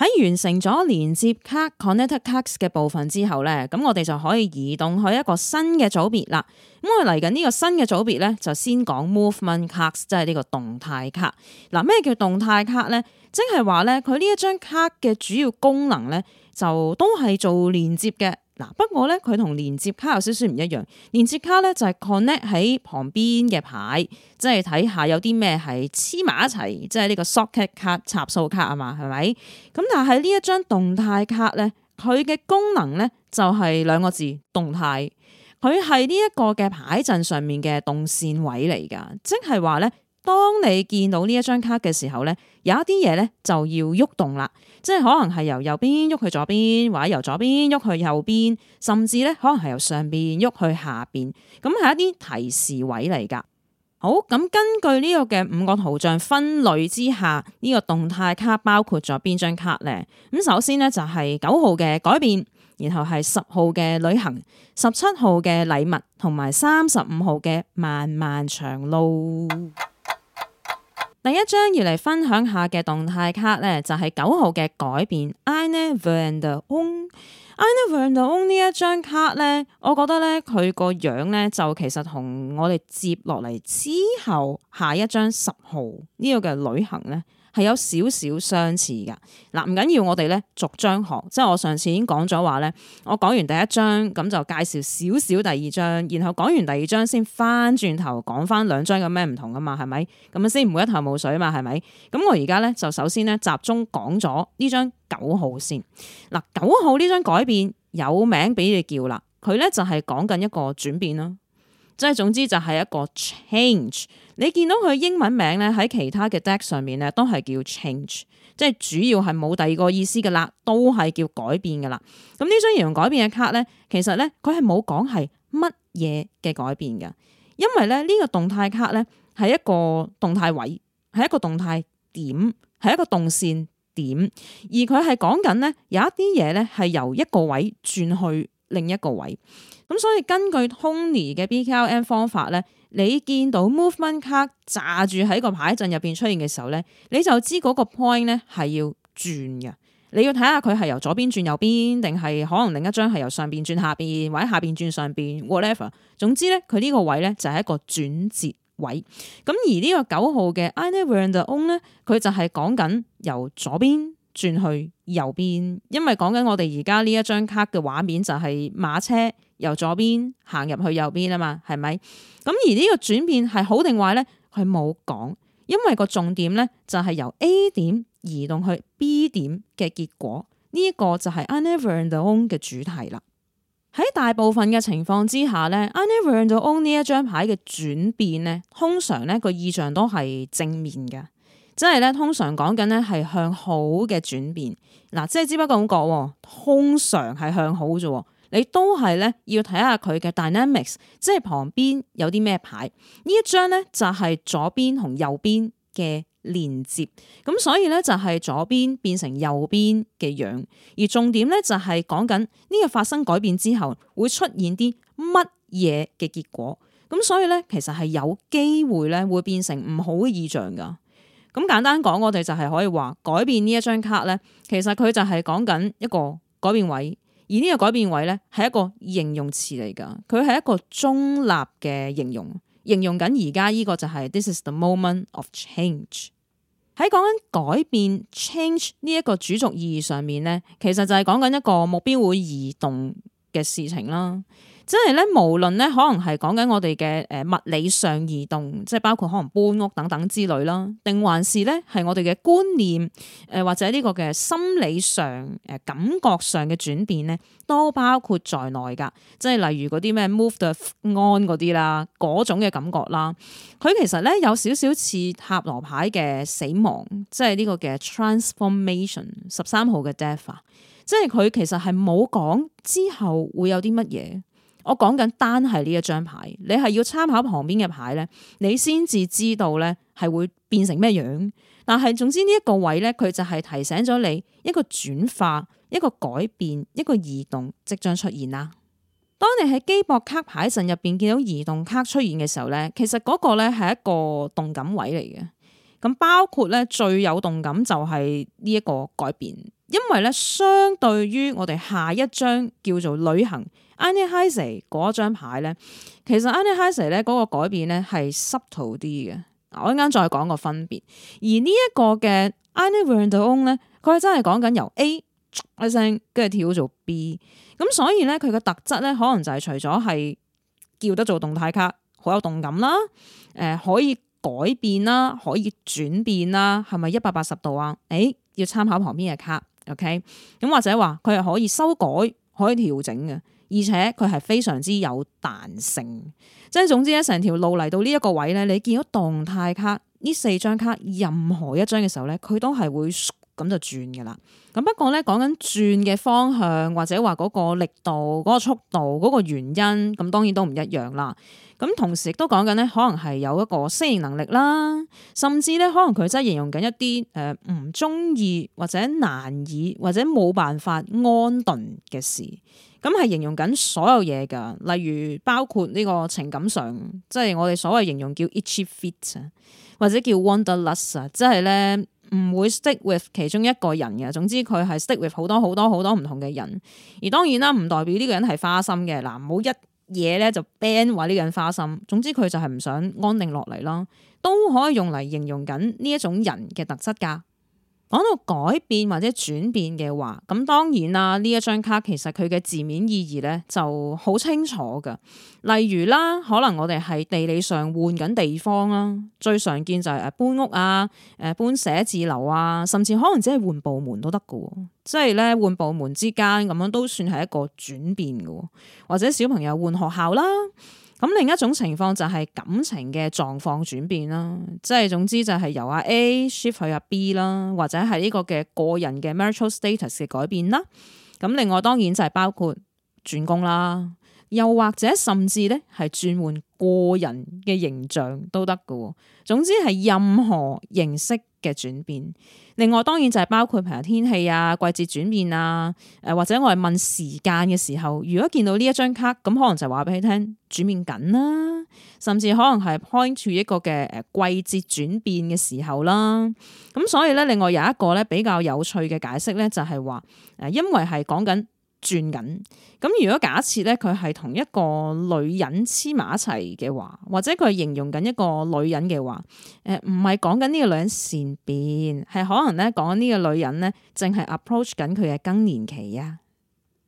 喺完成咗連接卡 connector cards 嘅部分之後咧，咁我哋就可以移動去一個新嘅組別啦。咁我嚟緊呢個新嘅組別咧，就先講 movement cards，即係呢個動態卡。嗱、啊，咩叫動態卡咧？即係話咧，佢呢一張卡嘅主要功能咧，就都係做連接嘅。嗱，不過咧，佢同連接卡有少少唔一樣。連接卡咧就係 connect 喺旁邊嘅牌，即係睇下有啲咩係黐埋一齊，即係呢個 socket 卡插數卡啊嘛，係咪？咁但係呢一張動態卡咧，佢嘅功能咧就係兩個字動態，佢係呢一個嘅牌陣上面嘅動線位嚟㗎，即係話咧。當你見到呢一張卡嘅時候咧，有一啲嘢咧就要喐動啦，即係可能係由右邊喐去左邊，或者由左邊喐去右邊，甚至咧可能係由上邊喐去下邊，咁係一啲提示位嚟噶。好，咁根據呢個嘅五個圖像分類之下，呢個動態卡包括咗邊張卡咧？咁首先咧就係九號嘅改變，然後係十號嘅旅行，十七號嘅禮物，同埋三十五號嘅漫漫長路。第一張要嚟分享下嘅動態卡咧，就係九號嘅改變。I never wonder only，I never wonder only，呢一張卡咧，我覺得咧佢個樣咧就其實同我哋接落嚟之後下一張十號呢個嘅旅行咧。係有少少相似噶，嗱唔緊要，我哋咧逐張學，即係我上次已經講咗話咧，我講完第一章咁就介紹少少第二章，然後講完第二章先翻轉頭講翻兩張有咩唔同噶嘛，係咪？咁樣先唔會一頭霧水啊嘛，係咪？咁我而家咧就首先咧集中講咗呢張九號先，嗱九號呢張改變有名俾你叫啦，佢咧就係講緊一個轉變囉。即係總之就係一個 change，你見到佢英文名咧喺其他嘅 deck 上面咧都係叫 change，即係主要係冇第二個意思噶啦，都係叫改變噶啦。咁呢張形容改變嘅卡咧，其實咧佢係冇講係乜嘢嘅改變噶，因為咧呢個動態卡咧係一個動態位，係一個動態點，係一個動線點，而佢係講緊咧有一啲嘢咧係由一個位轉去另一個位。咁所以根據 Tony 嘅 BKLM 方法咧，你見到 movement 卡炸住喺個牌陣入邊出現嘅時候咧，你就知嗰個 point 咧係要轉嘅。你要睇下佢係由左邊轉右邊，定係可能另一張係由上邊轉下邊，或者下邊轉上邊，whatever。總之咧，佢呢個位咧就係一個轉折位。咁而呢個九號嘅 I Never Own 咧，佢就係講緊由左邊轉去右邊，因為講緊我哋而家呢一張卡嘅畫面就係馬車。由左邊行入去右邊啊嘛，係咪？咁而呢個轉變係好定壞咧？佢冇講，因為個重點咧就係由 A 點移動去 B 點嘅結果，呢一個就係 Uneverdoon 嘅主題啦。喺大部分嘅情況之下咧，Uneverdoon 呢一張牌嘅轉變咧，通常咧個意象都係正面嘅，即係咧通常講緊咧係向好嘅轉變。嗱，即係只不過咁講，通常係向好啫。你都係咧要睇下佢嘅 dynamics，即係旁邊有啲咩牌？呢一張咧就係左邊同右邊嘅連接，咁所以咧就係左邊變成右邊嘅樣，而重點咧就係講緊呢個發生改變之後會出現啲乜嘢嘅結果。咁所以咧，其實係有機會咧會變成唔好嘅意象噶。咁簡單講，我哋就係可以話改變呢一張卡咧，其實佢就係講緊一個改變位。而呢個改變位咧係一個形容詞嚟㗎，佢係一個中立嘅形容，形容緊而家呢個就係、是、This is the moment of change。喺講緊改變 change 呢一個主軸意義上面咧，其實就係講緊一個目標會移動嘅事情啦。即係咧，無論咧，可能係講緊我哋嘅誒物理上移動，即係包括可能搬屋等等之類啦，定還是咧係我哋嘅觀念誒，或者呢個嘅心理上誒感覺上嘅轉變咧，都包括在內㗎。即係例如嗰啲咩 move the on 嗰啲啦，嗰種嘅感覺啦，佢其實咧有少少似塔羅牌嘅死亡，即係呢個嘅 transformation 十三號嘅 death，即係佢其實係冇講之後會有啲乜嘢。我講緊單係呢一張牌，你係要參考旁邊嘅牌咧，你先至知道咧，係會變成咩樣。但係總之呢一個位咧，佢就係提醒咗你一個轉化、一個改變、一個移動即將出現啦。當你喺基博卡牌陣入邊見到移動卡出現嘅時候咧，其實嗰個咧係一個動感位嚟嘅。咁包括咧最有動感就係呢一個改變。因為咧，相對於我哋下一張叫做旅行 Annie Hasey 嗰一張牌咧，其實 Annie Hasey 咧嗰、那個改變咧係濕土啲嘅。我一陣間再講個分別，而呢一個嘅 a n n e r o u n c e 咧，佢真係講緊由 A 一聲，跟住跳做 B。咁所以咧，佢嘅特質咧，可能就係除咗係叫得做動態卡，好有動感啦，誒、呃、可以改變啦，可以轉變啦，係咪一百八十度啊？誒、欸，要參考旁邊嘅卡。O.K. 咁或者話佢係可以修改、可以調整嘅，而且佢係非常之有彈性。即係總之咧，成條路嚟到呢一個位咧，你見到動態卡呢四張卡任何一張嘅時候咧，佢都係會咁就轉嘅啦。咁不過咧，講緊轉嘅方向或者話嗰個力度、嗰個速度、嗰個原因，咁當然都唔一樣啦。咁同時亦都講緊咧，可能係有一個適應能力啦，甚至咧可能佢真係形容緊一啲誒唔中意或者難以或者冇辦法安頓嘅事，咁係形容緊所有嘢㗎，例如包括呢個情感上，即係我哋所謂形容叫 itchy feet 啊，或者叫 wanderlust 啊，即係咧唔會 stick with 其中一個人嘅，總之佢係 stick with 好多好多好多唔同嘅人，而當然啦，唔代表呢個人係花心嘅，嗱唔好一嘢咧就 ban 話呢個人花心，總之佢就係唔想安定落嚟咯，都可以用嚟形容緊呢一種人嘅特質㗎。講到改變或者轉變嘅話，咁當然啦，呢一張卡其實佢嘅字面意義咧就好清楚噶。例如啦，可能我哋係地理上換緊地方啦，最常見就係誒搬屋啊，誒搬寫字樓啊，甚至可能只係換部門都得㗎，即係咧換部門之間咁樣都算係一個轉變㗎，或者小朋友換學校啦。咁另一種情況就係感情嘅狀況轉變啦，即係總之就係由啊 A shift 去啊 B 啦，或者係呢個嘅個人嘅 marital status 嘅改變啦。咁另外當然就係包括轉工啦。又或者甚至咧，係轉換個人嘅形象都得㗎。總之係任何形式嘅轉變。另外當然就係包括譬如天氣啊、季節轉變啊。誒或者我係問時間嘅時候，如果見到呢一張卡，咁可能就話俾你聽轉變緊啦，甚至可能係 point 住一個嘅誒季節轉變嘅時候啦。咁所以咧，另外有一個咧比較有趣嘅解釋咧，就係話誒，因為係講緊。轉緊咁，如果假設咧佢係同一個女人黐埋一齊嘅話，或者佢係形容緊一個女人嘅話，誒唔係講緊呢個女人善變，係可能咧講緊呢個女人咧淨係 approach 緊佢嘅更年期啊。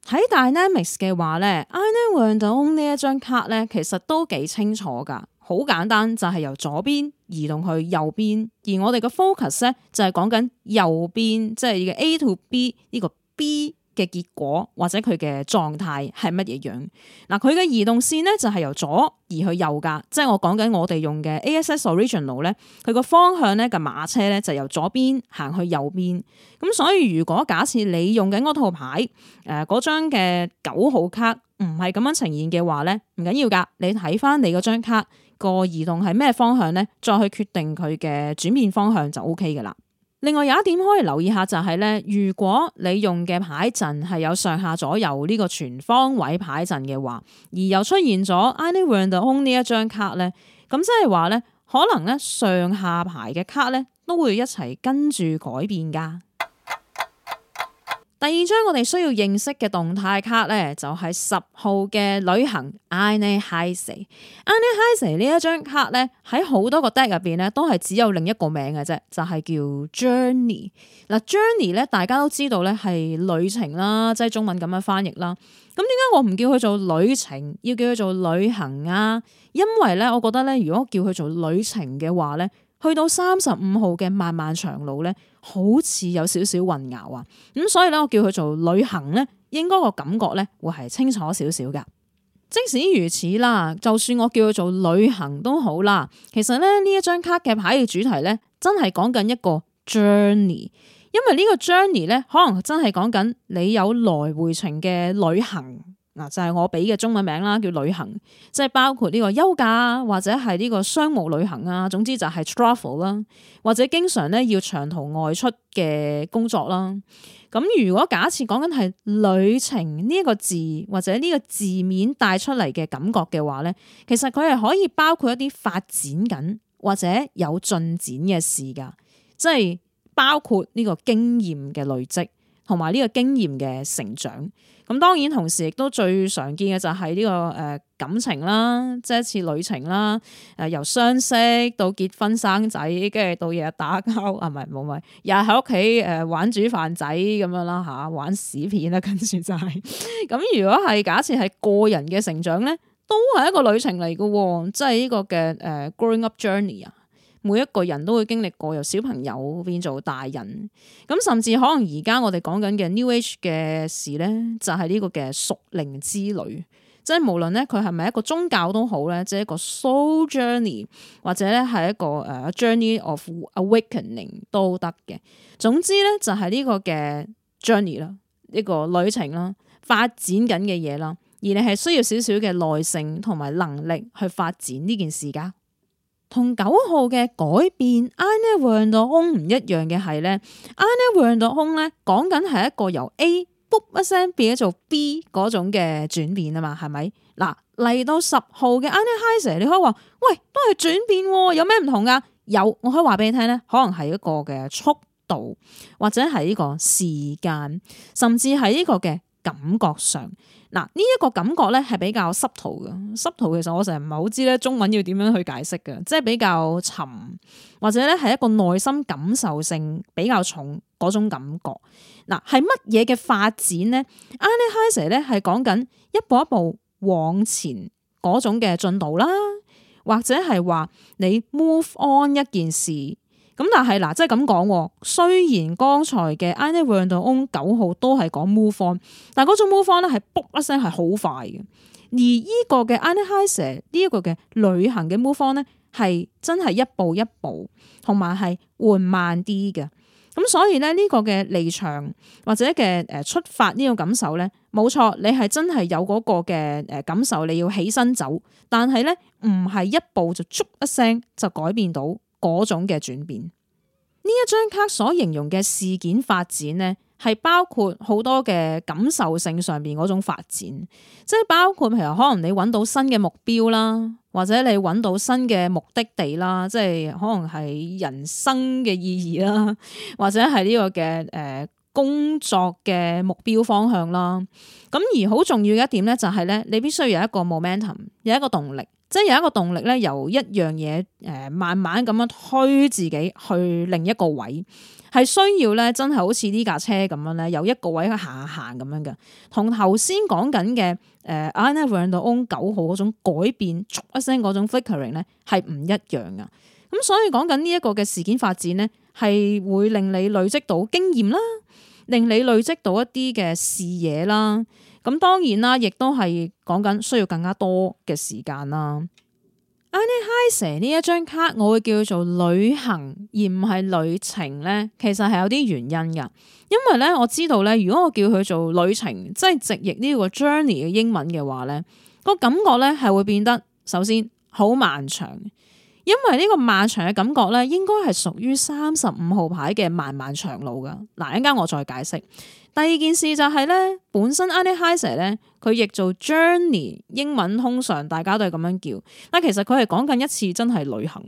喺 Dynamics 嘅話咧，I know r o 呢一張卡咧，其實都幾清楚噶，好簡單就係、是、由左邊移動去右邊，而我哋嘅 focus 咧就係講緊右邊，即係呢個 A to B 呢個 B。嘅結果或者佢嘅狀態係乜嘢樣？嗱，佢嘅移動線呢，就係由左移去右噶，即係我講緊我哋用嘅 ASS original 咧，佢個方向咧嘅馬車咧就由左邊行去右邊。咁所以如果假設你用緊嗰套牌，誒嗰張嘅九號卡唔係咁樣呈現嘅話咧，唔緊要噶，你睇翻你嗰張卡個移動係咩方向咧，再去決定佢嘅轉變方向就 O.K. 噶啦。另外有一點可以留意下，就係、是、咧，如果你用嘅牌陣係有上下左右呢個全方位牌陣嘅話，而又出現咗 I need wonder 空呢一張卡咧，咁即係話咧，可能咧上下牌嘅卡咧都會一齊跟住改變㗎。第二張我哋需要認識嘅動態卡咧，就係、是、十號嘅旅行 Iney Hasey。Iney Hasey 呢一張卡咧，喺好多個 deck 入邊咧，都係只有另一個名嘅啫，就係、是、叫 Journey。嗱 Journey 咧，大家都知道咧係旅程啦，即、就、係、是、中文咁樣翻譯啦。咁點解我唔叫佢做旅程，要叫佢做旅行啊？因為咧，我覺得咧，如果我叫佢做旅程嘅話咧。去到三十五號嘅漫漫長路咧，好似有少少混淆啊！咁所以咧，我叫佢做旅行咧，應該個感覺咧會係清楚少少噶。即使如此啦，就算我叫佢做旅行都好啦，其實咧呢一張卡嘅牌嘅主題咧，真係講緊一個 journey，因為呢個 journey 咧，可能真係講緊你有來回程嘅旅行。嗱，就係我俾嘅中文名啦，叫旅行，即係包括呢個休假啊，或者係呢個商務旅行啊，總之就係 travel 啦，或者經常咧要長途外出嘅工作啦。咁如果假設講緊係旅程呢一個字或者呢個字面帶出嚟嘅感覺嘅話咧，其實佢係可以包括一啲發展緊或者有進展嘅事噶，即係包括呢個經驗嘅累積。同埋呢個經驗嘅成長，咁當然同時亦都最常見嘅就係呢個誒感情啦，即係一次旅程啦，誒由相識到結婚生仔，跟住到日日打交啊，唔係，冇，唔係日日喺屋企誒玩煮飯仔咁樣啦嚇，玩屎片啦跟住就係、是、咁。 如果係假設係個人嘅成長咧，都係一個旅程嚟嘅喎，即係呢、這個嘅誒、呃、growing up journey 啊。每一個人都會經歷過由小朋友變做大人，咁甚至可能而家我哋講緊嘅 New Age 嘅事咧，就係、是、呢個嘅屬靈之旅，即係無論咧佢係咪一個宗教都好咧，即係一個 Soul Journey 或者咧係一個誒 Journey of Awakening 都得嘅。總之咧就係、是、呢個嘅 Journey 啦，呢個旅程啦，發展緊嘅嘢啦，而你係需要少少嘅耐性同埋能力去發展呢件事噶。同九號嘅改變，I need round to 空唔一樣嘅係咧，I need round to 空咧講緊係一個由 A 卜一聲變咗做 B 嗰種嘅轉變啊嘛，係咪？嗱嚟到十號嘅 I need higher 你可以話喂都係轉變，有咩唔同噶？有，我可以話俾你聽咧，可能係一個嘅速度，或者係呢個時間，甚至係呢個嘅。感覺上，嗱呢一個感覺咧係比較濕陶嘅，濕陶其實我成日唔係好知咧中文要點樣去解釋嘅，即係比較沉，或者咧係一個內心感受性比較重嗰種感覺。嗱係乜嘢嘅發展咧？Analyze 咧係講緊一步一步往前嗰種嘅進度啦，或者係話你 move on 一件事。咁但係嗱，即係咁講，雖然剛才嘅 Analyze on 九號都係講 move on，但係嗰種 move on 咧係卜一聲係好快嘅，而呢個嘅 Analyze 呢一個嘅旅行嘅 move on 咧係真係一步一步，同埋係緩慢啲嘅。咁所以咧呢，呢個嘅離場或者嘅誒出發呢種感受咧，冇錯，你係真係有嗰個嘅誒感受，你要起身走，但係咧唔係一步就捉一聲就改變到。嗰種嘅轉變，呢一張卡所形容嘅事件發展咧，係包括好多嘅感受性上邊嗰種發展，即係包括譬如可能你揾到新嘅目標啦，或者你揾到新嘅目的地啦，即係可能係人生嘅意義啦，或者係呢個嘅誒、呃、工作嘅目標方向啦。咁而好重要一點咧，就係、是、咧，你必須要有一個 momentum，有一個動力。即係有一個動力咧，由一樣嘢誒，慢慢咁樣推自己去另一個位，係需要咧，真係好似呢架車咁樣咧，由一個位去行下行咁樣嘅。同頭先講緊嘅誒，round on 九號嗰種改變，一聲嗰種 flickering 咧係唔一樣噶。咁所以講緊呢一個嘅事件發展咧，係會令你累積到經驗啦，令你累積到一啲嘅視野啦。咁當然啦，亦都係講緊需要更加多嘅時間啦。Annie Heiser 呢一張卡，我會叫佢做旅行而唔係旅程咧，其實係有啲原因嘅。因為咧，我知道咧，如果我叫佢做旅程，即係直譯呢個 journey 嘅英文嘅話咧，個感覺咧係會變得首先好漫長。因為呢個漫長嘅感覺咧，應該係屬於三十五號牌嘅漫漫長路噶。嗱，一陣間我再解釋。第二件事就係、是、咧，本身 a like high sir 咧，佢譯做 journey，英文通常大家都係咁樣叫。但其實佢係講緊一次真係旅行。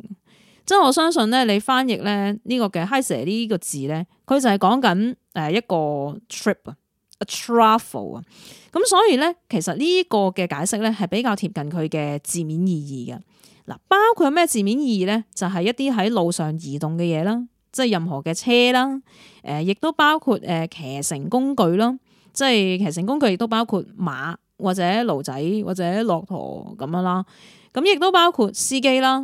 即係我相信咧，你翻譯咧呢個嘅 high sir 呢個字咧，佢就係講緊誒一個 trip 啊，a travel 啊。咁所以咧，其實呢個嘅解釋咧係比較貼近佢嘅字面意義嘅。嗱，包括咩字面意義咧？就係、是、一啲喺路上移動嘅嘢啦，即係任何嘅車啦，誒，亦都包括誒騎乘工具啦，即係騎乘工具亦都包括馬或者驢仔或者駱駝咁樣啦，咁亦都包括司機啦，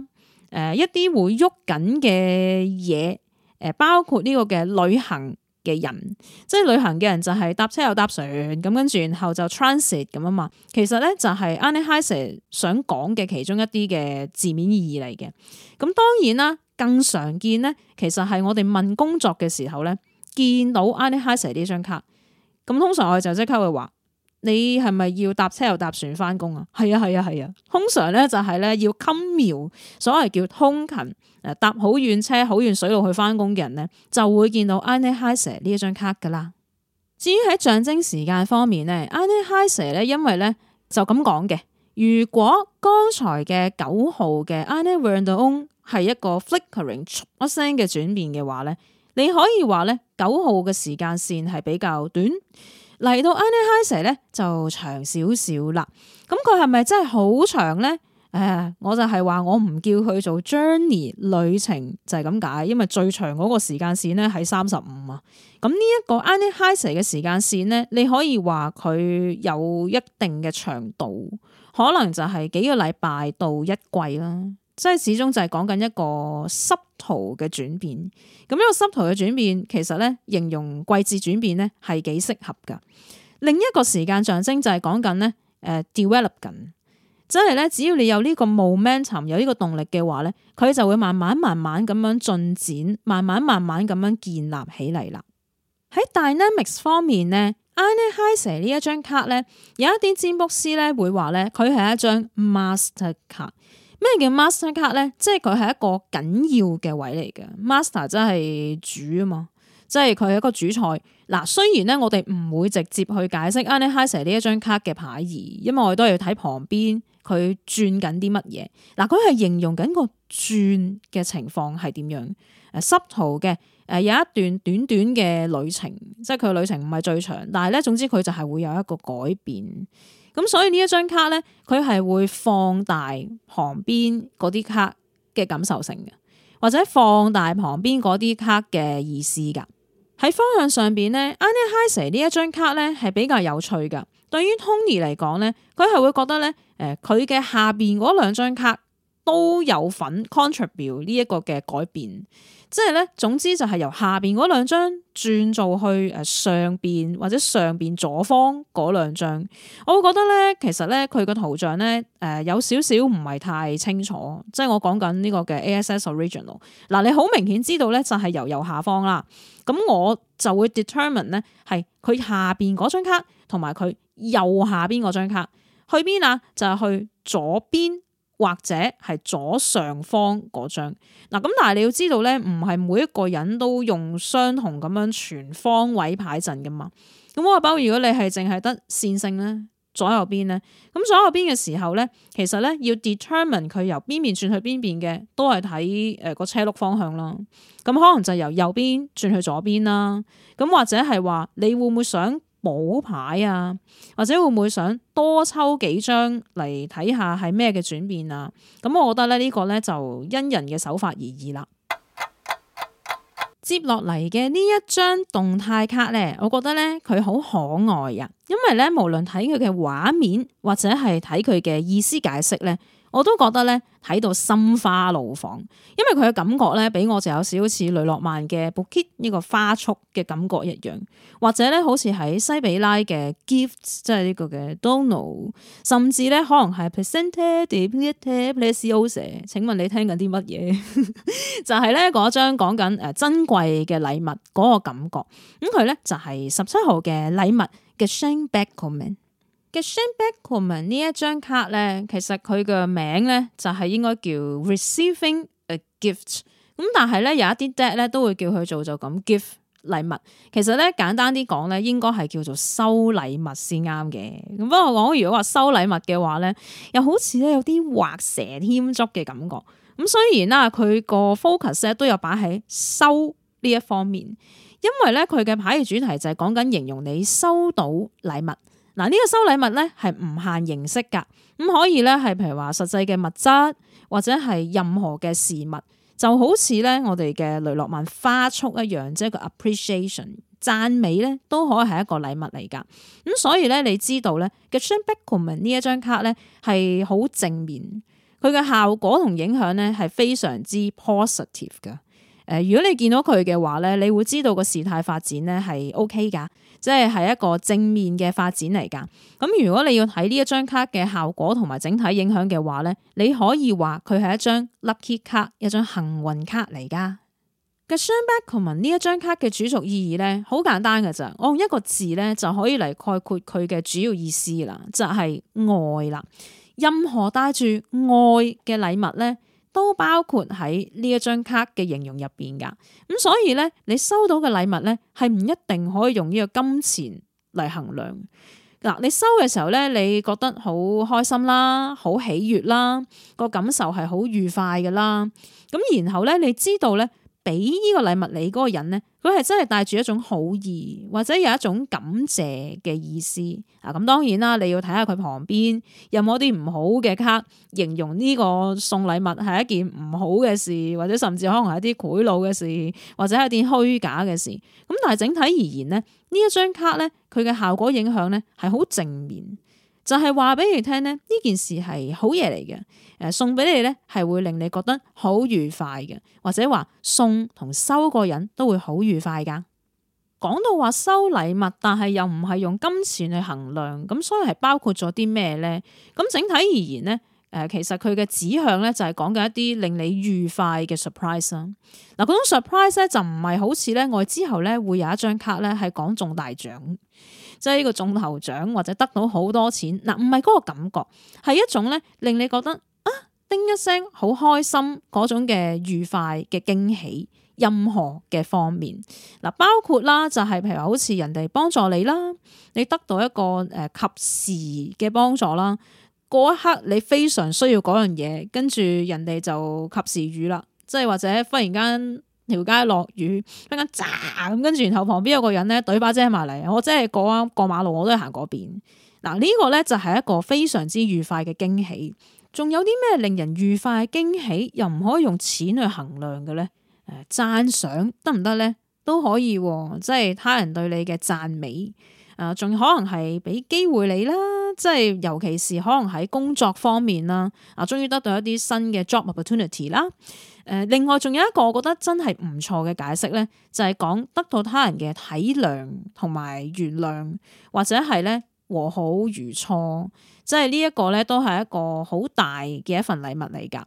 誒一啲會喐緊嘅嘢，誒包括呢個嘅旅行。嘅人，即係旅行嘅人就係搭車又搭船咁，跟住然後就 transit 咁啊嘛，其實咧就係 Annie Hatcher 想講嘅其中一啲嘅字面意義嚟嘅。咁當然啦，更常見咧，其實係我哋問工作嘅時候咧，見到 Annie Hatcher 呢張卡，咁通常我哋就即刻會話。你係咪要搭車又搭船翻工啊？係啊係啊係啊，通常咧就係咧要襟描，所謂叫通勤誒，搭好遠車好遠水路去翻工嘅人咧，就會見到 I Neiser 呢一張卡噶啦。至於喺象徵時間方面呢，I Neiser 咧因為咧就咁講嘅，如果剛才嘅九號嘅 I Neiser Round On 係一個 flickering 一聲嘅轉變嘅話咧，你可以話咧九號嘅時間線係比較短。嚟到 Annie Kaiser 咧就長少少啦，咁佢係咪真係好長咧？誒、哎，我就係話我唔叫佢做 journey 旅程就係咁解，因為最長嗰、嗯這個時間線咧係三十五啊。咁呢一個 Annie Kaiser 嘅時間線咧，你可以話佢有一定嘅長度，可能就係幾個禮拜到一季啦。所以始終就係講緊一個 subtle 嘅轉變，咁一個 subtle 嘅轉變其實咧形容季節轉變咧係幾適合㗎。另一個時間象徵就係講緊咧，誒、uh, develop 緊，即係咧只要你有呢個 momentum 有呢個動力嘅話咧，佢就會慢慢慢慢咁樣進展，慢慢慢慢咁樣建立起嚟啦。喺 dynamics 方面咧，Anahiser 呢一張卡咧，有一啲占卜師咧會話咧，佢係一張 master 卡。咩叫 master 卡咧？即係佢係一個緊要嘅位嚟嘅，master 真係主啊嘛，即係佢係一個主菜。嗱，雖然咧我哋唔會直接去解釋 Annie Hatcher 呢一張卡嘅牌義，因為我哋都要睇旁邊佢轉緊啲乜嘢。嗱，佢係形容緊個轉嘅情況係點樣？誒，濕圖嘅誒，有一段短短嘅旅程，即係佢旅程唔係最長，但係咧，總之佢就係會有一個改變。咁所以呢一張卡咧，佢係會放大旁邊嗰啲卡嘅感受性嘅，或者放大旁邊嗰啲卡嘅意思㗎。喺方向上邊咧 ，Annie Haiser 呢一張卡咧係比較有趣㗎。對於 Tony 嚟講咧，佢係會覺得咧，誒，佢嘅下邊嗰兩張卡都有份 contribute 呢一個嘅改變。即係咧，總之就係由下邊嗰兩張轉做去誒、呃、上邊或者上邊左方嗰兩張。我會覺得咧，其實咧佢個圖像咧誒、呃、有少少唔係太清楚。即係我講緊呢個嘅 ASS original。嗱、呃，你好明顯知道咧，就係、是、由右下方啦。咁我就會 determine 咧，係佢下邊嗰張卡同埋佢右下邊嗰張卡去邊啊？就係、是、去左邊。或者係左上方嗰張嗱，咁但係你要知道咧，唔係每一個人都用相同咁樣全方位排陣噶嘛。咁我包括如果你係淨係得線性咧，左右邊咧，咁左右邊嘅時候咧，其實咧要 determine 佢由邊面轉去邊邊嘅，都係睇誒個車轆方向啦。咁可能就由右邊轉去左邊啦，咁或者係話你會唔會想？補牌啊，或者會唔會想多抽幾張嚟睇下係咩嘅轉變啊？咁我覺得咧呢個咧就因人嘅手法而異啦。接落嚟嘅呢一張動態卡咧，我覺得咧佢好可愛啊，因為咧無論睇佢嘅畫面，或者係睇佢嘅意思解釋咧。我都覺得咧睇到心花怒放，因為佢嘅感覺咧，俾我就有少少似雷諾曼嘅 bouquet 呢個花束嘅感覺一樣，或者咧好似喺西比拉嘅 gifts 即係呢、這個嘅 donal 甚至咧可能係 presented, presented 請問你聽緊啲乜嘢？ 就係咧嗰張講緊珍貴嘅禮物嗰、那個感覺，咁佢咧就係十七號嘅禮物嘅 back comment。嘅 shane back come 呢一張卡咧，其實佢嘅名咧就係應該叫 receiving a gift。咁但係咧有一啲 d 爹咧都會叫佢做就咁 gift 禮物。其實咧簡單啲講咧，應該係叫做收禮物先啱嘅。咁不過我講如果話收禮物嘅話咧，又好似咧有啲畫蛇添足嘅感覺。咁雖然啦，佢個 focus 咧都有擺喺收呢一方面，因為咧佢嘅牌嘅主題就係講緊形容你收到禮物。嗱，呢個收禮物咧係唔限形式噶，咁可以咧係，譬如話實際嘅物質或者係任何嘅事物，就好似咧我哋嘅雷諾曼花束一樣，即係個 appreciation 讚美咧都可以係一個禮物嚟噶。咁所以咧，你知道咧嘅 Shinbikoman 呢一張卡咧係好正面，佢嘅效果同影響咧係非常之 positive 噶。誒，如果你見到佢嘅話咧，你會知道個事態發展咧係 OK 噶，即係係一個正面嘅發展嚟噶。咁如果你要睇呢一張卡嘅效果同埋整體影響嘅話咧，你可以話佢係一張 lucky 卡，一張幸運卡嚟噶。嘅雙白同埋呢一張卡嘅主軸意義咧，好簡單噶咋，我用一個字咧就可以嚟概括佢嘅主要意思啦，就係、是、愛啦。任何帶住愛嘅禮物咧，都包括喺呢一張卡嘅形容入邊噶，咁所以咧，你收到嘅禮物咧係唔一定可以用呢個金錢嚟衡量。嗱，你收嘅時候咧，你覺得好開心啦，好喜悅啦，個感受係好愉快噶啦，咁然後咧，你知道咧。俾呢個禮物你嗰個人咧，佢係真係帶住一種好意，或者有一種感謝嘅意思。啊，咁當然啦，你要睇下佢旁邊有冇啲唔好嘅卡，形容呢個送禮物係一件唔好嘅事，或者甚至可能係一啲賄賂嘅事，或者係一啲虛假嘅事。咁但係整體而言咧，呢一張卡咧，佢嘅效果影響咧係好正面。就係話俾你聽呢，呢件事係好嘢嚟嘅，誒送俾你呢，係會令你覺得好愉快嘅，或者話送同收個人都會好愉快噶。講到話收禮物，但係又唔係用金錢去衡量，咁所以係包括咗啲咩呢？咁整體而言呢，誒其實佢嘅指向呢，就係講緊一啲令你愉快嘅 surprise。嗱，嗰種 surprise 呢，就唔係好似呢。我之後呢，會有一張卡呢，係講中大獎。即係呢個中頭獎或者得到好多錢嗱，唔係嗰個感覺，係一種咧令你覺得啊，叮一聲好開心嗰種嘅愉快嘅驚喜。任何嘅方面嗱、呃，包括啦，就係、是、譬如話好似人哋幫助你啦，你得到一個誒、呃、及時嘅幫助啦，嗰一刻你非常需要嗰樣嘢，跟住人哋就及時雨啦，即係或者忽然間。條街落雨，一陣間咁，跟住然後旁邊有個人咧，懟把遮埋嚟。我真係過啱過馬路，我都係行嗰邊。嗱，呢個咧就係一個非常之愉快嘅驚喜。仲有啲咩令人愉快嘅驚喜，又唔可以用錢去衡量嘅咧？誒、呃，讚賞得唔得咧？都可以、啊，即係他人對你嘅讚美。誒、呃，仲可能係俾機會你啦，即係尤其是可能喺工作方面啦，啊，終於得到一啲新嘅 job opportunity 啦。誒，另外仲有一個我覺得真係唔錯嘅解釋咧，就係、是、講得到他人嘅體諒同埋原諒，或者係咧和好如初，即係呢一個咧都係一個好大嘅一份禮物嚟噶。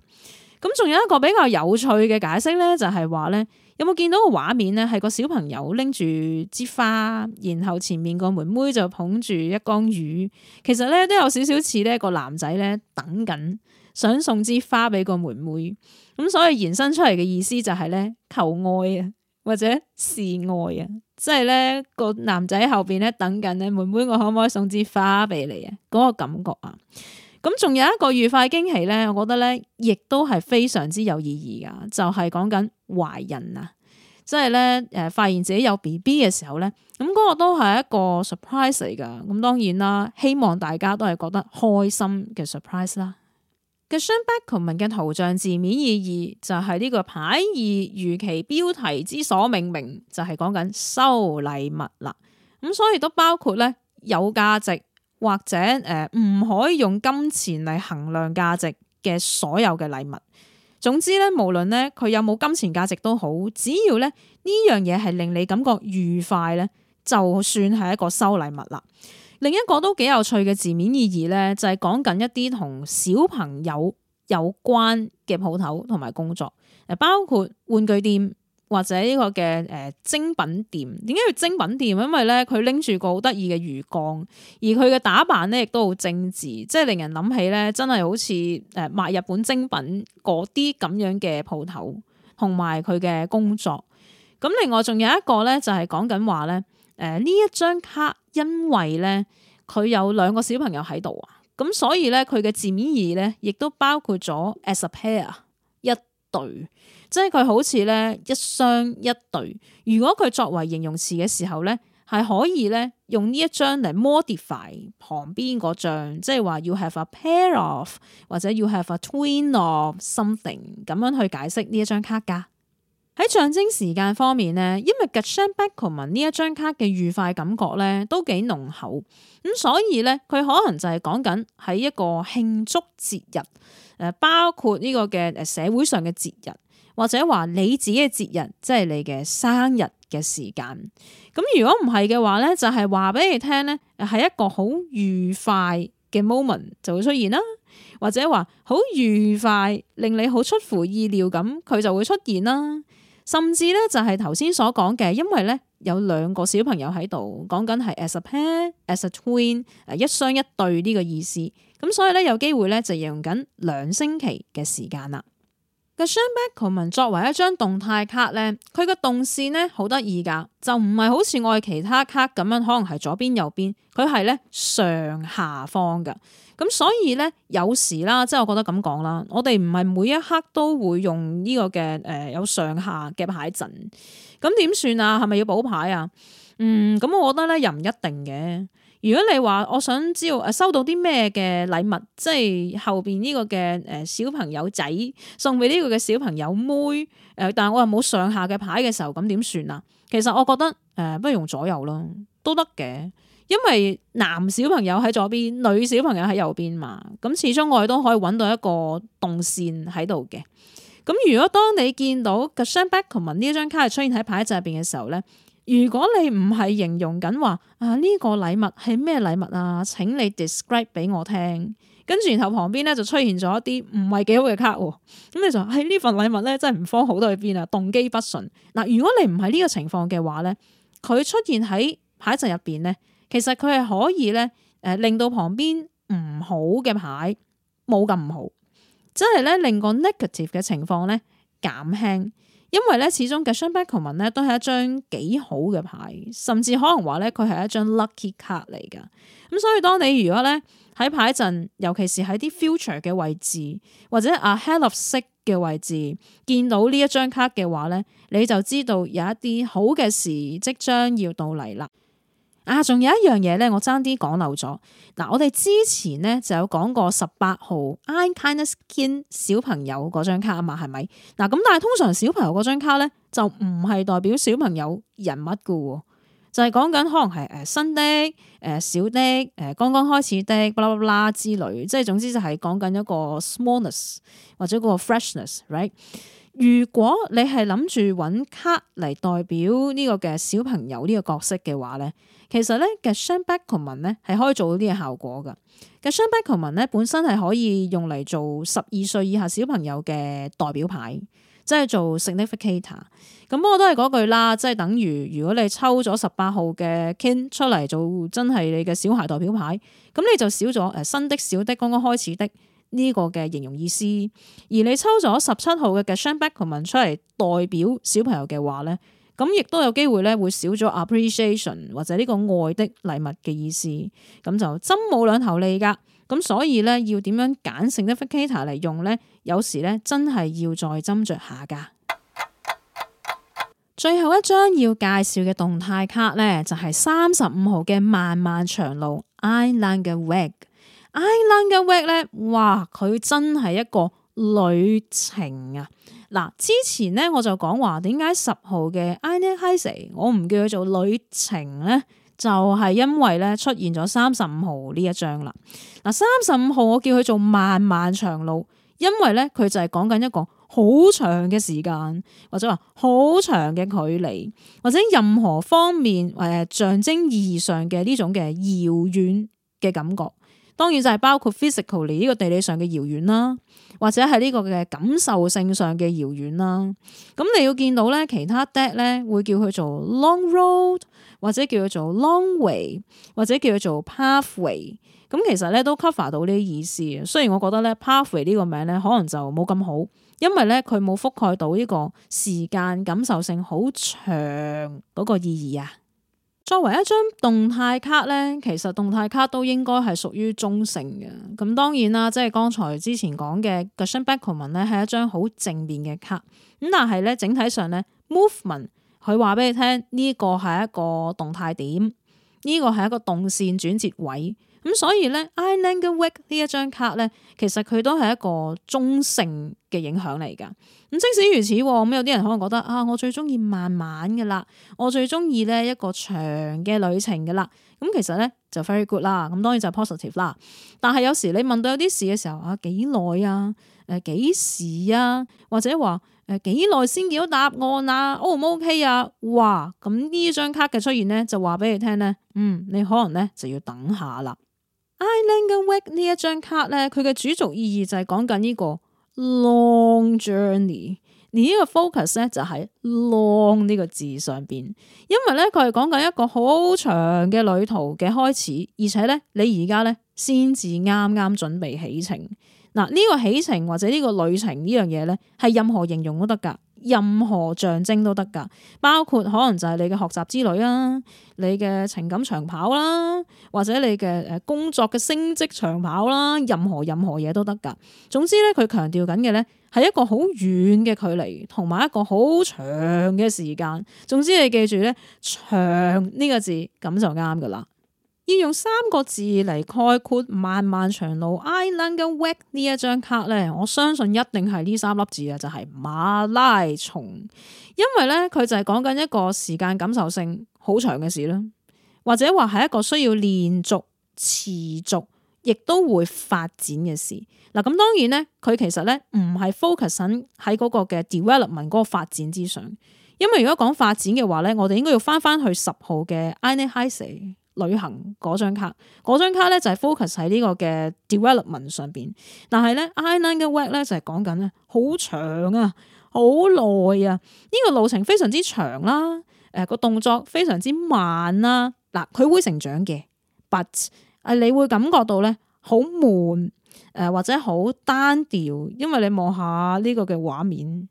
咁仲有一個比較有趣嘅解釋咧，就係話咧有冇見到個畫面咧？係個小朋友拎住支花，然後前面個妹妹就捧住一缸魚。其實咧都有少少似呢個男仔咧等緊，想送支花俾個妹妹。咁所以延伸出嚟嘅意思就係咧求愛啊或者示愛啊，即係咧個男仔後邊咧等緊咧妹妹，我可唔可以送支花俾你啊？嗰個感覺啊，咁仲有一個愉快驚喜咧，我覺得咧亦都係非常之有意義噶，就係講緊懷孕啊，即係咧誒發現自己有 B B 嘅時候咧，咁嗰個都係一個 surprise 嚟噶，咁當然啦，希望大家都係覺得開心嘅 surprise 啦。嘅 Sunback 嘅圖像字面意義就係、是、呢個牌意，如其標題之所命名就係講緊收禮物啦。咁所以都包括咧有價值或者誒唔、呃、可以用金錢嚟衡量價值嘅所有嘅禮物。總之咧，無論咧佢有冇金錢價值都好，只要咧呢樣嘢係令你感覺愉快咧，就算係一個收禮物啦。另一個都幾有趣嘅字面意義咧，就係講緊一啲同小朋友有關嘅鋪頭同埋工作，嗱包括玩具店或者呢個嘅誒、呃、精品店。點解叫精品店？因為咧佢拎住個好得意嘅魚缸，而佢嘅打扮咧亦都好精緻，即係令人諗起咧真係好似誒賣日本精品嗰啲咁樣嘅鋪頭同埋佢嘅工作。咁另外仲有一個咧，就係講緊話咧。呢一張卡，因為咧佢有兩個小朋友喺度啊，咁所以咧佢嘅字面義咧，亦都包括咗 as a pair 一對，即係佢好似咧一雙一對。如果佢作為形容詞嘅時候咧，係可以咧用呢一張嚟 modify 旁邊嗰張，即係話 you have a pair of 或者 you have a twin of something 咁樣去解釋呢一張卡㗎。喺象徵時間方面呢，因為 Gachan Backerman 呢一張卡嘅愉快感覺咧都幾濃厚，咁所以咧佢可能就係講緊喺一個慶祝節日，誒包括呢個嘅社會上嘅節日，或者話你自己嘅節日，即係你嘅生日嘅時間。咁如果唔係嘅話咧，就係話俾你聽咧，係一個好愉快嘅 moment 就會出現啦，或者話好愉快令你好出乎意料咁佢就會出現啦。甚至咧就係頭先所講嘅，因為咧有兩個小朋友喺度講緊係 as a pair, as a twin，誒一雙一對呢個意思，咁所以咧有機會咧就用緊兩星期嘅時間啦。個雙 backer 文作為一張動態卡咧，佢個動線咧好得意噶，就唔係好似我哋其他卡咁樣，可能係左邊右邊，佢係咧上下方噶。咁所以咧，有時啦，即係我覺得咁講啦，我哋唔係每一刻都會用呢個嘅誒、呃、有上下嘅牌陣，咁點算啊？係咪要補牌啊？嗯，咁我覺得咧又唔一定嘅。如果你話我想知道誒、呃、收到啲咩嘅禮物，即係後邊呢個嘅誒、呃、小朋友仔送俾呢個嘅小朋友妹，誒、呃，但係我又冇上下嘅牌嘅時候，咁點算啊？其實我覺得誒、呃，不如用左右咯，都得嘅。因為男小朋友喺左邊，女小朋友喺右邊嘛，咁始終我哋都可以揾到一個動線喺度嘅。咁如果當你見到嘅 shamrock 文呢張卡係出現喺牌仔入邊嘅時候咧，如果你唔係形容緊話啊呢個禮物係咩禮物啊，請你 describe 俾我聽，跟住然後旁邊咧就出現咗一啲唔係幾好嘅卡喎，咁你就話係呢、哎、份禮物咧真係唔方好對邊啊，動機不純。嗱，如果你唔係呢個情況嘅話咧，佢出現喺牌仔入邊咧。其實佢係可以咧，誒令到旁邊唔好嘅牌冇咁好，即係咧令個 negative 嘅情況咧減輕，因為咧始終嘅雙白求民咧都係一張幾好嘅牌，甚至可能話咧佢係一張 lucky card 嚟㗎。咁所以當你如果咧喺牌陣，尤其是喺啲 future 嘅位置或者啊 helph 色嘅位置見到呢一張卡嘅話咧，你就知道有一啲好嘅事即將要到嚟啦。啊，仲有一樣嘢咧，我爭啲講漏咗。嗱，我哋之前咧就有講過十八號 I Kindness Kin 小朋友嗰張卡啊，係咪？嗱，咁但係通常小朋友嗰張卡咧就唔係代表小朋友人物噶，就係講緊可能係誒新的誒小、呃、的誒剛剛開始的巴拉巴拉之類，即係總之就係講緊一個 smallness 或者嗰個 freshness，right？如果你係諗住揾卡嚟代表呢個嘅小朋友呢個角色嘅話咧，其實咧嘅 Shambhala 文咧係可以做到呢個效果噶。嘅 Shambhala 文咧本身係可以用嚟做十二歲以下小朋友嘅代表牌，即係做 Significator。咁我都係嗰句啦，即係等於如果你抽咗十八號嘅 King 出嚟做真係你嘅小孩代表牌，咁你就少咗誒新的小的，剛剛開始的。呢個嘅形容意思，而你抽咗十七號嘅 shame backerman 出嚟代表小朋友嘅話呢，咁亦都有機會呢會少咗 appreciation 或者呢個愛的禮物嘅意思，咁就針冇兩頭利噶，咁所以呢，要點樣揀 certificate 嚟用呢？有時呢，真係要再斟酌下噶。 最後一張要介紹嘅動態卡呢，就係三十五號嘅漫漫長路，A long 嘅。way。I Longer Way 咧，Rag，哇！佢真係一個旅程啊。嗱，之前咧我就講話點解十號嘅 I Never Haste，我唔叫佢做旅程咧，就係、是、因為咧出現咗三十五號呢一張啦。嗱，三十五號我叫佢做漫漫長路，因為咧佢就係講緊一個好長嘅時間，或者話好長嘅距離，或者任何方面誒象徵意義上嘅呢種嘅遙遠嘅感覺。當然就係包括 physically 呢個地理上嘅遙遠啦，或者係呢個嘅感受性上嘅遙遠啦。咁你要見到咧，其他 dead 咧會叫佢做 long road，或者叫佢做 long way，或者叫佢做 pathway。咁其實咧都 cover 到呢啲意思。雖然我覺得咧 pathway 呢個名咧可能就冇咁好，因為咧佢冇覆蓋到呢個時間感受性好長嗰個意義啊。作為一張動態卡咧，其實動態卡都應該係屬於中性嘅。咁當然啦，即係剛才之前講嘅 Gaussian Background 咧係一張好正面嘅卡。咁但係咧整體上咧，Movement 佢話俾你聽呢個係一個動態點，呢個係一個動線轉折位。咁所以咧，Ilang Awake 呢一張卡咧，其實佢都係一個中性嘅影響嚟㗎。咁即使如此，咁有啲人可能覺得啊，我最中意慢慢嘅啦，我最中意咧一個長嘅旅程嘅啦。咁其實咧就 very good 啦，咁當然就 positive 啦。但係有時你問到有啲事嘅時候，啊幾耐啊？誒、呃、幾時啊？或者話誒幾耐先見到答案啊？O 唔 OK 啊？哇！咁呢張卡嘅出現咧，就話俾你聽咧，嗯，你可能咧就要等下啦。Ilangenweg 呢一張卡咧，佢嘅主軸意義就係講緊呢個 long journey，而呢個 focus 咧就係 long 呢個字上邊，因為咧佢係講緊一個好長嘅旅途嘅開始，而且咧你而家咧先至啱啱準備起程。嗱，呢個起程或者呢個旅程呢樣嘢咧，係任何形容都得㗎。任何象徵都得㗎，包括可能就係你嘅學習之旅啦，你嘅情感長跑啦，或者你嘅誒工作嘅升職長跑啦，任何任何嘢都得㗎。總之咧，佢強調緊嘅咧係一個好遠嘅距離，同埋一個好長嘅時間。總之你記住咧，長呢個字咁就啱㗎啦。要用三個字嚟概括漫漫長路。I l a n g e Wait 呢一張卡咧，我相信一定係呢三粒字啊，就係、是、馬拉松。因為咧，佢就係講緊一個時間感受性好長嘅事啦，或者話係一個需要連續、持續，亦都會發展嘅事嗱。咁當然咧，佢其實咧唔係 focus 喺喺嗰個嘅 development 嗰個發展之上，因為如果講發展嘅話咧，我哋應該要翻翻去十號嘅 I High 旅行嗰張卡，嗰張卡咧就係 focus 喺呢個嘅 development 上邊。但係咧，a long 嘅 walk 咧就係講緊咧好長啊，好耐啊，呢、這個路程非常之長啦、啊，誒、呃、個動作非常之慢啦、啊。嗱，佢會成長嘅，but 誒你會感覺到咧好悶，誒、呃、或者好單調，因為你望下呢個嘅畫面，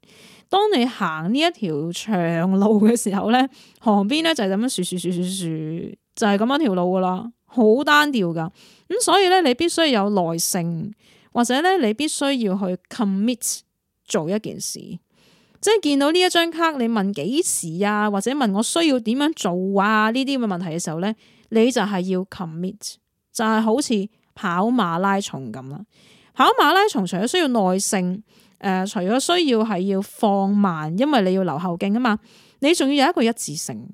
當你行呢一條長路嘅時候咧，旁邊咧就係咁樣樹樹樹樹樹。就係咁樣條路噶啦，好單調噶咁，所以咧你必須要有耐性，或者咧你必須要去 commit 做一件事。即係見到呢一張卡，你問幾時啊，或者問我需要點樣做啊？呢啲咁嘅問題嘅時候咧，你就係要 commit，就係好似跑馬拉松咁啦。跑馬拉松除咗需要耐性，誒、呃，除咗需要係要放慢，因為你要留後勁啊嘛，你仲要有一個一致性，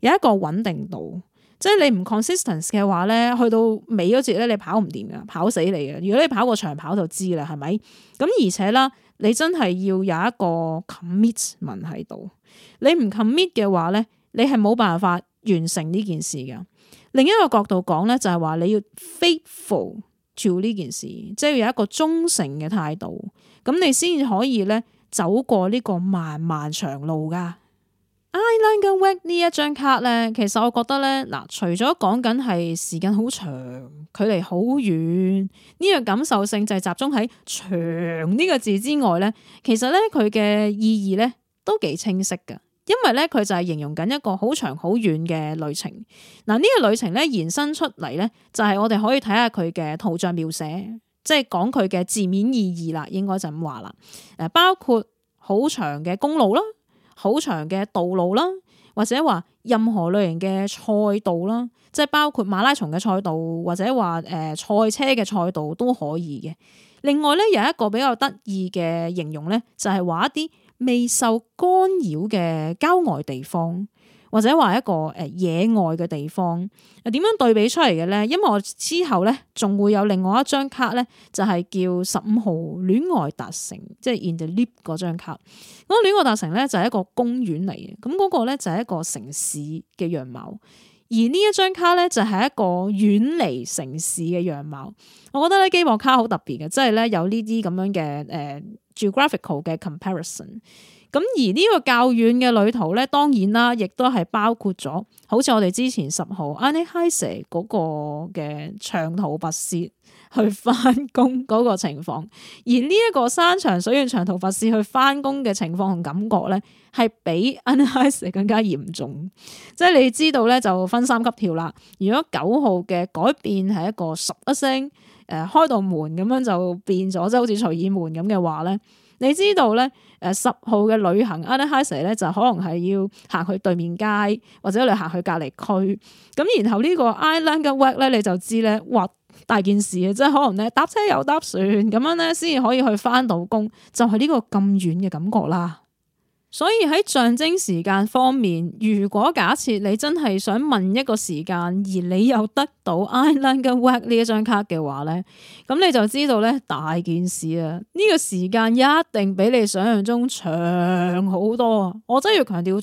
有一個穩定度。即係你唔 consistent 嘅話咧，去到尾嗰節咧，你跑唔掂噶跑死你噶。如果你跑過長跑就知啦，係咪？咁而且啦，你真係要有一個 commitment 喺度。你唔 commit 嘅話咧，你係冇辦法完成呢件事噶。另一個角度講咧，就係話你要 faithful to 呢件事，即係要有一個忠誠嘅態度，咁你先至可以咧走過呢個漫漫長路噶。A Long Walk 呢一張卡咧，其實我覺得咧，嗱，除咗講緊係時間好長、距離好遠呢個感受性就係集中喺長呢個字之外咧，其實咧佢嘅意義咧都幾清晰噶，因為咧佢就係形容緊一個好長好遠嘅旅程。嗱，呢個旅程咧延伸出嚟咧，就係我哋可以睇下佢嘅圖像描寫，即係講佢嘅字面意義啦，應該就咁話啦。誒，包括好長嘅公路啦。好長嘅道路啦，或者話任何類型嘅賽道啦，即係包括馬拉松嘅賽道，或者話誒、呃、賽車嘅賽道都可以嘅。另外咧，有一個比較得意嘅形容咧，就係話一啲未受干擾嘅郊外地方。或者話一個誒野外嘅地方，點樣對比出嚟嘅咧？因為我之後咧仲會有另外一張卡咧，就係、是、叫十五號戀愛達成，即係 In the Lift 嗰張卡。我、那個、戀愛達成咧就係、是、一個公園嚟嘅，咁、那、嗰個咧就係、是、一個城市嘅樣貌，而呢一張卡咧就係、是、一個遠離城市嘅樣貌。我覺得咧機博卡好特別嘅，即係咧有呢啲咁樣嘅誒、呃、geographical 嘅 comparison。咁而呢個較遠嘅旅途咧，當然啦，亦都係包括咗，好似我哋之前十號 Analyze 嗰個嘅長途跋涉去翻工嗰個情況，而呢一個山長水遠、長途跋涉去翻工嘅情況同感覺咧，係比 Analyze 更加嚴重。即係你知道咧，就分三級跳啦。如果九號嘅改變係一個十一聲，誒、呃、開到門咁樣就變咗，即係好似隨意門咁嘅話咧。你知道咧，誒十號嘅旅行 a d e r high 社咧，就可能係要行去對面街，或者你行去隔離區。咁然後呢個 island work 咧，你就知咧，嘩，大件事啊！即係可能咧，搭車又搭船咁樣咧，先至可以去翻到工，就係、是、呢個咁遠嘅感覺啦。所以喺象徵時間方面，如果假設你真係想問一個時間，而你又得到 I learned to work 呢張卡嘅話咧，咁你就知道咧，大件事啊！呢個時間一定比你想象中長好多。我真係要強調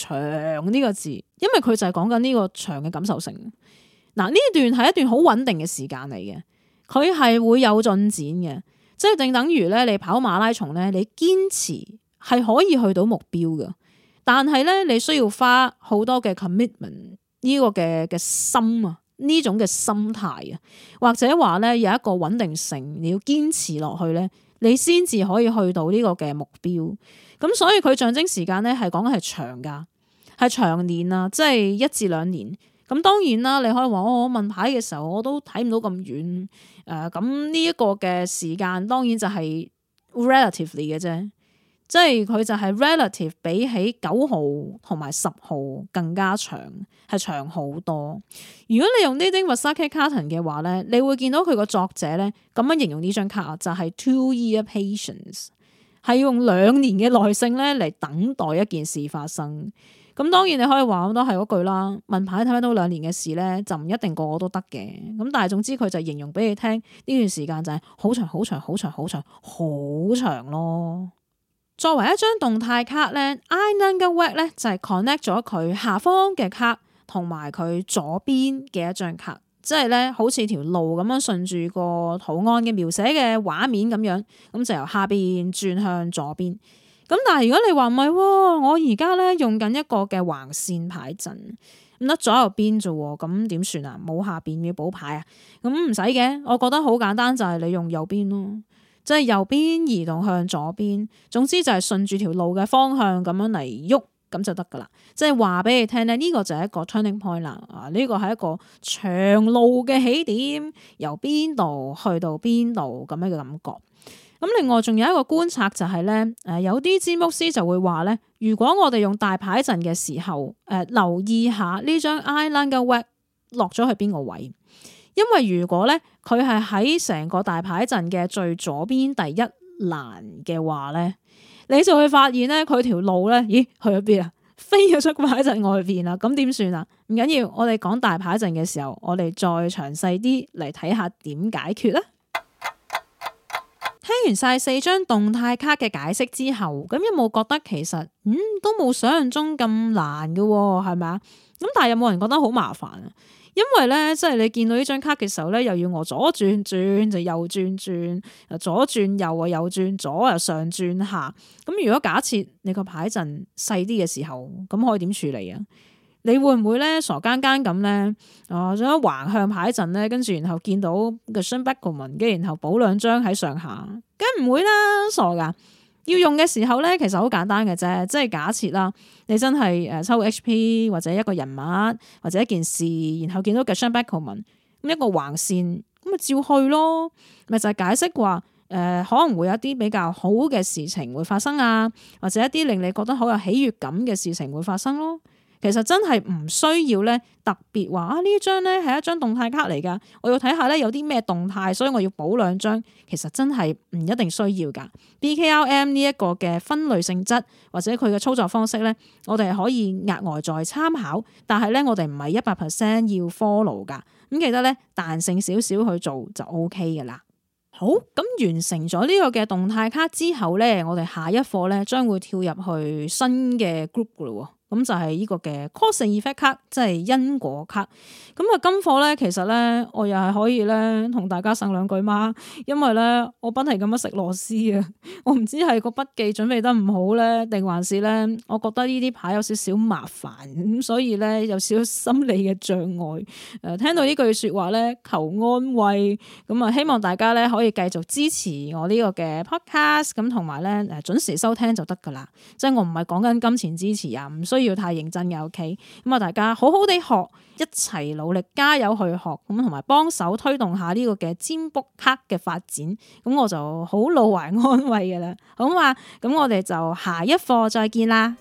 長呢個字，因為佢就係講緊呢個長嘅感受性。嗱，呢段係一段好穩定嘅時間嚟嘅，佢係會有進展嘅，即係正等於咧你跑馬拉松咧，你堅持。係可以去到目標噶，但係咧你需要花好多嘅 commitment 呢個嘅嘅心啊，呢種嘅心態啊，或者話咧有一個穩定性，你要堅持落去咧，你先至可以去到呢個嘅目標。咁、嗯、所以佢象徵時間咧係講緊係長噶，係長年啊，即係一至兩年。咁、嗯、當然啦，你可以話我我問牌嘅時候我都睇唔到咁遠誒，咁呢一個嘅時間當然就係 relatively 嘅啫。即係佢就係 relative 比起九號同埋十號更加長，係長好多。如果你用呢啲 wasaki cartoon 嘅話咧，你會見到佢個作者咧咁樣形容呢張卡就係、是、two year patience，係用兩年嘅耐性咧嚟等待一件事發生。咁、嗯、當然你可以話咁多係嗰句啦。問牌睇得到兩年嘅事咧，就唔一定個個都得嘅。咁但係總之佢就形容俾你聽呢段時間就係好長、好長、好長、好長、好長咯。作為一張動態卡咧，I Nunga Weg 咧就係 connect 咗佢下方嘅卡同埋佢左邊嘅一張卡，即係咧好似條路咁樣順住個圖案嘅描寫嘅畫面咁樣，咁就由下邊轉向左邊。咁但係如果你話唔係，我而家咧用緊一個嘅橫線牌陣，唔得左右邊啫，咁點算啊？冇下邊要補牌啊？咁唔使嘅，我覺得好簡單，就係你用右邊咯。即係右邊移動向左邊，總之就係順住條路嘅方向咁樣嚟喐，咁就得噶啦。即係話俾你聽咧，呢、這個就係一個 turning point 啦。啊，呢個係一個長路嘅起點，由邊度去到邊度咁樣嘅感覺。咁另外仲有一個觀察就係、是、咧，誒、呃，有啲占卜師就會話咧，如果我哋用大牌陣嘅時候，誒、呃，留意下呢張 eye line 嘅 weg 落咗去邊個位。因為如果咧佢係喺成個大牌陣嘅最左邊第一欄嘅話咧，你就會發現咧佢條路咧，咦去咗邊啊？飛咗出牌陣外邊啦，咁點算啊？唔緊要，我哋講大牌陣嘅時候，我哋再詳細啲嚟睇下點解決啦。聽完晒四張動態卡嘅解釋之後，咁有冇覺得其實嗯都冇想象中咁難嘅哦？係咪啊？咁但係有冇人覺得好麻煩啊？因為咧，即係你見到呢張卡嘅時候咧，又要我左轉轉就右轉轉，左轉右啊，右轉左啊，上轉下。咁如果假設你個牌陣細啲嘅時候，咁可以點處理啊？你會唔會咧傻更更咁咧？啊，想橫向牌陣咧，跟住然後見到個雙 backer 紋嘅，跟住然後補兩張喺上下，梗唔會啦，傻噶！要用嘅時候咧，其實好簡單嘅啫，即係假設啦，你真係誒抽 HP 或者一個人物或者一件事，然後見到嘅 Sunbackomen 咁一個橫線，咁咪照去咯，咪就係、是、解釋話誒可能會有啲比較好嘅事情會發生啊，或者一啲令你覺得好有喜悅感嘅事情會發生咯、啊。其實真係唔需要咧，特別話啊呢張咧係一張動態卡嚟噶，我要睇下咧有啲咩動態，所以我要補兩張。其實真係唔一定需要噶。B K L M 呢一個嘅分類性質或者佢嘅操作方式咧，我哋係可以額外再參考，但係咧我哋唔係一百 percent 要 follow 噶。咁記得咧彈性少少去做就 O K 噶啦。好，咁完成咗呢個嘅動態卡之後咧，我哋下一課咧將會跳入去新嘅 group 噶啦。咁就係呢個嘅 cause and effect 卡，即係因果卡。咁啊，今課咧，其實咧，我又係可以咧，同大家省兩句嘛。因為咧、啊，我不係咁樣食螺絲啊，我唔知係個筆記準備得唔好咧，定還是咧，我覺得呢啲牌有少少麻煩，咁所以咧有少少心理嘅障礙。誒、呃，聽到呢句說話咧，求安慰。咁、呃、啊，希望大家咧可以繼續支持我呢個嘅 podcast，咁同埋咧誒準時收聽就得噶啦。即係我唔係講緊金錢支持啊，唔需要。不要太認真嘅，OK。咁啊，大家好好地學，一齊努力，加油去學，咁同埋幫手推動下呢個嘅占卜卡嘅發展。咁我就好老懷安慰嘅啦。好嘛，咁我哋就下一課再見啦。